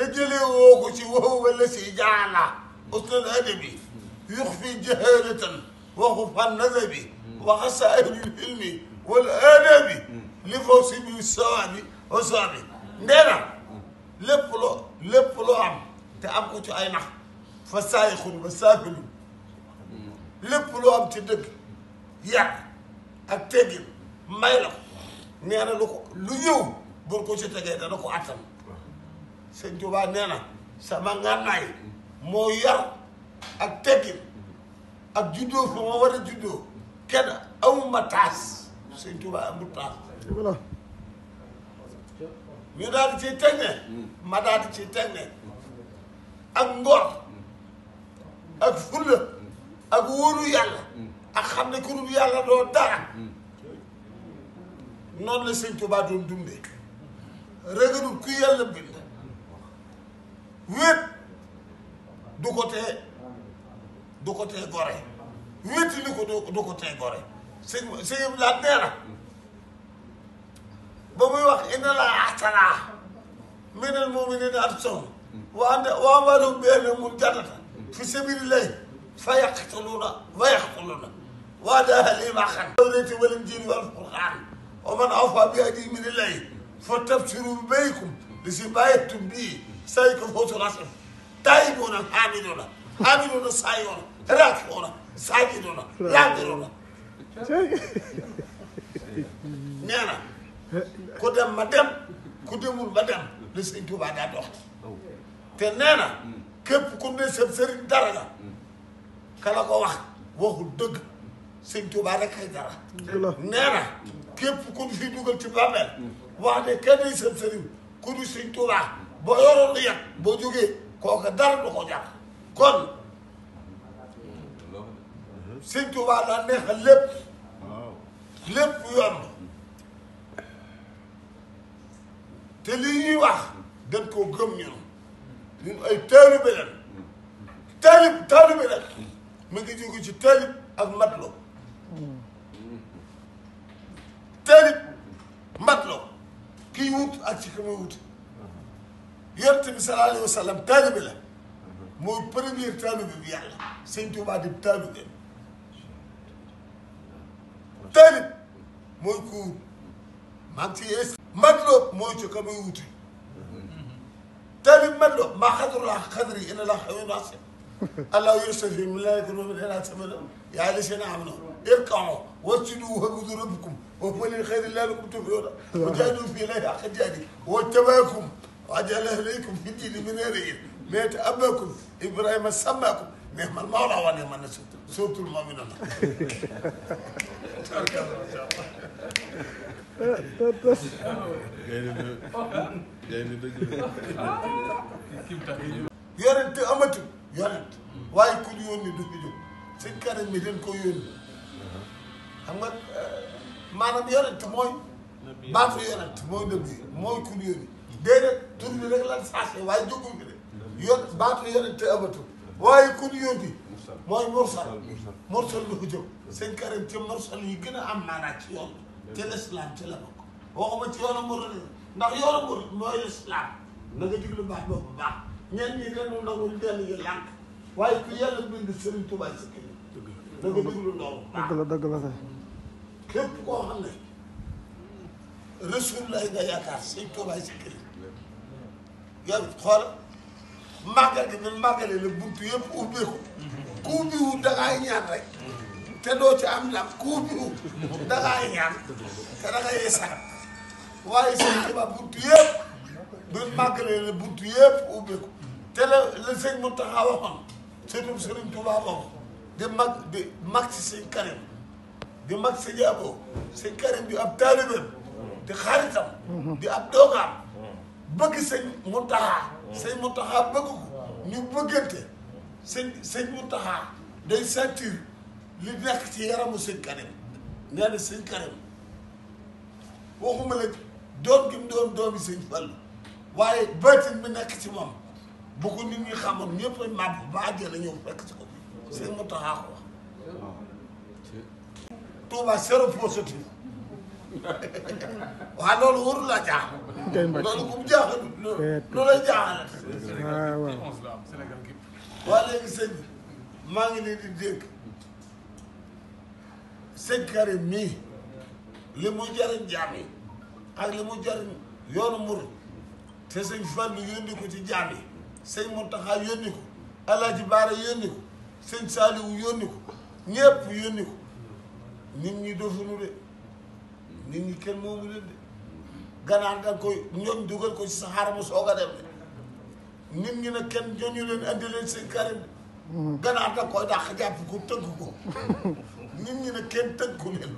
te jëlee woo ko ci wow wala si jaala uslul adabi yuxfi jahalatan waxu fan nasabi wa xasaa'iril ilmi wal adabi li faw si bi sawaabi wa sawaabi ndee na lépp loo lépp loo am te am ko ci ay nax fa saayixun ba saafilu lépp loo am ci dëgg yàq ak teggin may la ko nee na lu ko lu ñëw bul ko ci tegee dana ko attan sëñ Tuubaa nee na sama ngànnaay moo yar ak teggin ak juddoo fu ma a juddoo kenn amuma taas sëñ taas ñu daal di ciy teg ne ma daal di ciy teg ne ak ngor ak fulla ak wóolu yàlla ak xam ne ku yàlla doo dara noonu la sëñ Tuubaa doon dundee rëgalul ku yàlla bind wéet du ko tee du ko tee gore ko du ko tee gore sëñ sëñ bi ba muy wax inna la ahsana minal mu'minina anfusahum wa amwaalahum bi annahum mujannata fi sabilillahi fa yaqtuluuna wa yaqtuluuna wa'dan alayhi haqqan wal injiili wal qur'aan wa man awfaa bi ahdihi minallahi fa tabshiruu bi bay'ikum llazii baaya'tum bihi saykon hotorasem tayibonan haamidola haamidono sayona rakona sajidona laabirona neena ko dem ma dem ku demul ma dem li sëñ Tuubaa daa dox te nee na képp ku ne seen sëriñ dara kala ko wax waxul dëgg sëñ Tuubaa rek dara nee na képp ku fi dugal ci bàmmeel wax ne kenn seen sëriñ ku du sëñ Tuubaa boo yoroon di yàq boo jógee kooka dara du ko jar kon sëñ Tuubaa daa neexal lépp lépp yomb te lii wax dañ koo gëm ñun ñun ay taalibe lañ taalib taalibe lañ mu ngi jóge ci taalib ak matlo taalib matlo kiy wut ak ci ki wut yonent bi sallallahu alayhi wa sallam taalibe la mooy premier taalibe bi yàlla sëñ Tuubaa di taalibe taalib mooy ku mag ci yees madloo mooy ci ka muy wuti taalib madloo maa xadrulaa xadri ina la xawi naase allah yustafi min la yakun min ila samana yaa ali seen am na irkao wasjudu wabudu rabbukum wa huwa lil xayri laa lakum tufiyoona wa jaadu fii lay xaq jaadi wa tabaakum وأجعل أهليكم من دين من أهلين ميت أباكم إبراهيم سماكم نعم المولى ونعم النصير سورة المؤمنون تبارك الله ما شاء الله yonent amatul yonent waaye ku ñu yónni du fi jóg sëñ Karim mi dañ ko yónni xam nga maanaam yonent mooy baatu yonent mooy nëb mooy ku ñu tur bi rek lan saase waaye jógul bi de yoon baatu yonente waaye ku ñu mooy mursal mursal lu ko jóg sëñ mursal yi gën a am maanaa ci yoon te l'islam ci la bokk waxuma ci yoonu murid ndax yoonu mooy l'islam na nga diglu baax boobu bu baax ñenn ñi dañu nangu dellu yi lànk waaye ku yàlla bind Serigne Touba si kër na nga diglu loolu dëgg la dëgg la kay képp lay nga yaakaar Serigne Touba si kër jarul xool màggal gi nañ màggale la buntu yëpp ubbeeku ku ubbiwu da ngay ñaan rek te doo ci am ndam ku ubbiwu da ngay ñaan te da ngay sax waaye sëñ Tuubaa buntu yëpp buñ màggalee la buntu yëpp ubbeeku te la la sëñ Muntaxa waxoon surtout sëriñ Tuubaa moom di mag di mag ci sëñ Karim di mag sëñ Abo sëñ Karim di ab taalibeem di xaritam di ab doogaam bëgg sëñ Muntaxa sëñ Muntaxa bëgg ko ñu bëggante sëñ sëñ Muntaxa day sentir li nekk ci yaramu sëñ Karim nee na sëñ Karim waxuma la doom gi mu doon doomi sëñ Fallu waaye bëtin bi nekk ci moom bu ñu nit ñi xamoon ñëpp màbb ba àjjee la ñëw fekk ci ko sëñ Muntaxa ko wax Tuubaa zéro waaw loolu warul la jaaxal. kay la jaaxal. Ah, waa léegi sëñ maa ngi leen di dégg sëñ Karim mii li mu jariñ jaam yi ak li mu jariñ yoonu mur te sëñ Fallou yónni ko ci jaam yi sëñ Mountakha yónni ko Alaaji Baara yónni ko sëñ Saliou yónni ko ñëpp yónni ko nit ñi de. nit ñi kenn moomu leen de ganaar danga koy ñoom dugal ko ci sa xar mu soog a dem de nit ñi nag kenn ñooñu leen andi leen seen karim de mm-hmm. ganaar danga koy dàq jàpp ko tëgg ko nit ñi nag kenn tëgg ko leen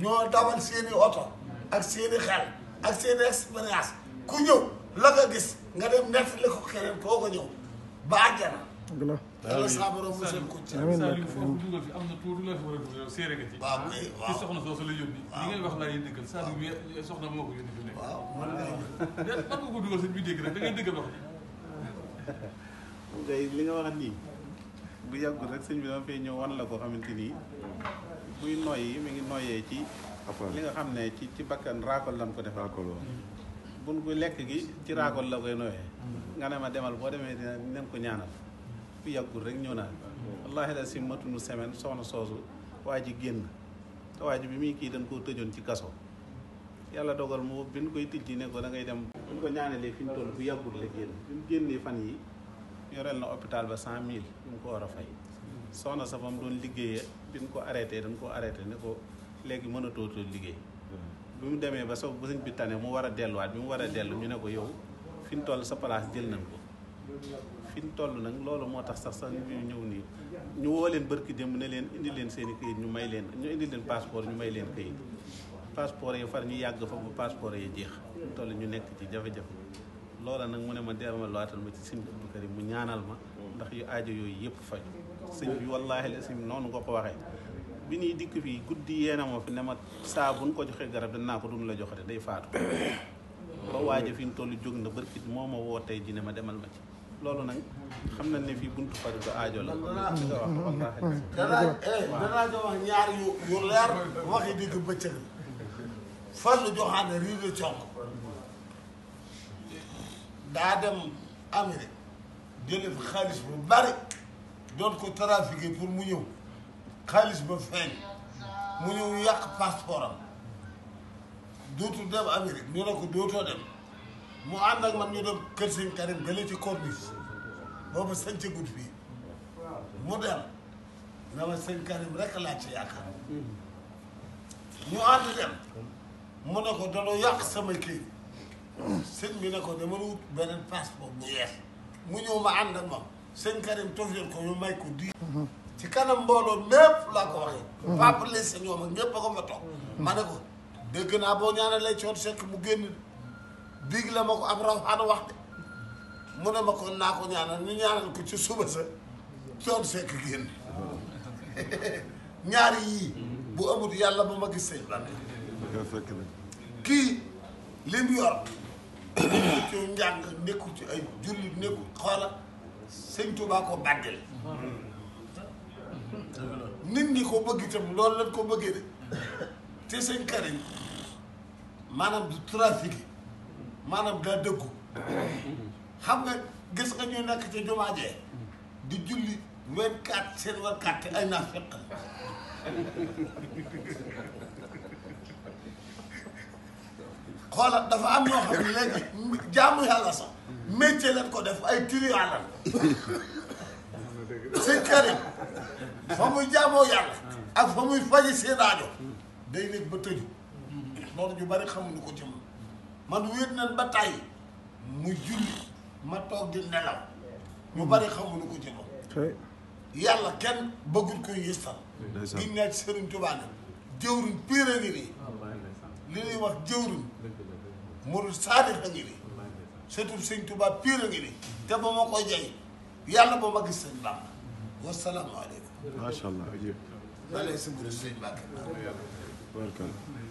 ñoo dawal seeni oto ak seeni xel ak seeni expérience ku ñëw la nga gis nga dem nettali ko keneen koo ko ñëw ba àjjana dëgg la yàlla ko ci amiin nag foofu dugal a dugal yow séeré li wax laa yéen dëggal saa bi soxna moo ko yónni fi nekk waaw man nga dégg rek da wax li nga wax nii bu yàggul rek sëñ bi dama fee ñëw wan la ko xamante nii buy noyyi mi ngi noyyee ci li nga xam ne ci ci bakkan raakol lan ko def raakol buñ ko lekk gi ci raakol la koy noyyee mm. nga ne ma demal boo demee dina ko ñaanal lépp yàggul rek ñëw naa si matunu semaine soxna soosu waa ji génn te waa bi muy kii dañ koo tëjoon ci kaso yàlla dogal moo bi ñu koy tijji ne ko da ngay dem bu ñu ko fi ñu bu yàggul la génn bi mu génnee fan yi yoreel na hôpital ba cent mille bi mu ko war a fay soxna sa fa mu doon liggéeyee bi ñu ko arrêté dañ ko arrêté ne ko léegi mën liggéey bi mu demee ba so ba sëñ bi tane mu war a delluwaat bi mu war a dellu ñu ne ko yow fi ñu toll sa place jël nañ ko fi ñu toll nag loolu moo tax sax sax ñu ñëw nii ñu woo leen bërki démb ne leen indi leen seen i këyit ñu may leen ñu indi leen passeport ñu may leen këyit passeport yi far ñu yàgg fa mu passeport yi jeex ñu toll ñu nekk ci jafe-jafe loola nag mu ne ma demal waatal ma ci sëñ Abdou Karim mu ñaanal ma ndax yu aajo yooyu yëpp faj sëñ bi wallaahi la sëñ noonu nga ko waxee bi ñuy dikk fii guddi yeena moo fi ne ma saa buñ ko joxee garab danaa ko duñ la joxate day faatu ba waaj a fi ñu toll jóg na barkit moo ma woo tey ji ma demal ma ci loolu nag xam na ne fii buntu fari ba aajo la nga wax danaa danaa eh, wax ñaar yu yu leer waxi digg bëccëg farlu joxaane riido conk daa dem Amérique jëlee fi xaalis bu bari doon ko trafiqué pour mu ñëw xaalis ba feeñ mu ñëw yàq passeport am dootul dem Amérique ñu ne ko dootoo dem mu ànd ak man ñu dem kër sëñ Karim gële ci corniche boobu sànci guddi fii mu dem na ma sëñ Karim rek laa ci yaakaar ñu ànd dem mu ne ko danoo yàq sama kii sëñ bi ne ko dama wut beneen passeport bu yeex mu ñëw ma ànd ak moom sëñ Karim tofeel ko ñu may ko di ci kanam mbooloo mépp laa ko waxee. Mm-hmm. Pape Lissa ñoom ak ñëpp a ko mm-hmm. ma ne ko. dégg naa boo ñaanalee coon sekk mu génn biig la ma ko ab raw wax de mu ne ma kon naa ko ñaanal ñu ñaanal ko ci suba sa coon sekk génn ñaari yii bu amut yàlla ba ma gis sëñ Balla kii lim yor ci njàng nekku ci ay julli nekku xoola sëñ Tuubaa ko bàddil nit ñi ko bëgg itam loolu lañ ko bëggee de te sëñ Karim maanaam du trafic maanaam daa dëggu xam nga gis nga ñu nekk ci jumaa jee di julli vingt quatre seen vingt quatre ay naafeq xoola dafa am ñoo xam ne léegi jaamu yàlla sax métier leen ko def ay turi yàlla sëñ Karim fa muy jaamoo yàlla ak fa muy faji seen aajo day nekk ba tëju loolu ñu bari xamuñu ko ci man wéet nañ ba tàyyi mu julli ma toog di nelaw ñu hmm. bari xamuñu ko ci moom yàlla kenn bëggul koy yëstal gi nekk Sëriñ Tuubaa ne jëwriñ péere ngi nii li ñuy wax jëwriñ muru saadix a ngi nii surtout Sëriñ Tuubaa péere ngi nii te ba ma koy jey yàlla ba ma gis Sëriñ Bàmba wasalaamaaleykum macha allah. lay siburi Sëriñ Mbàkke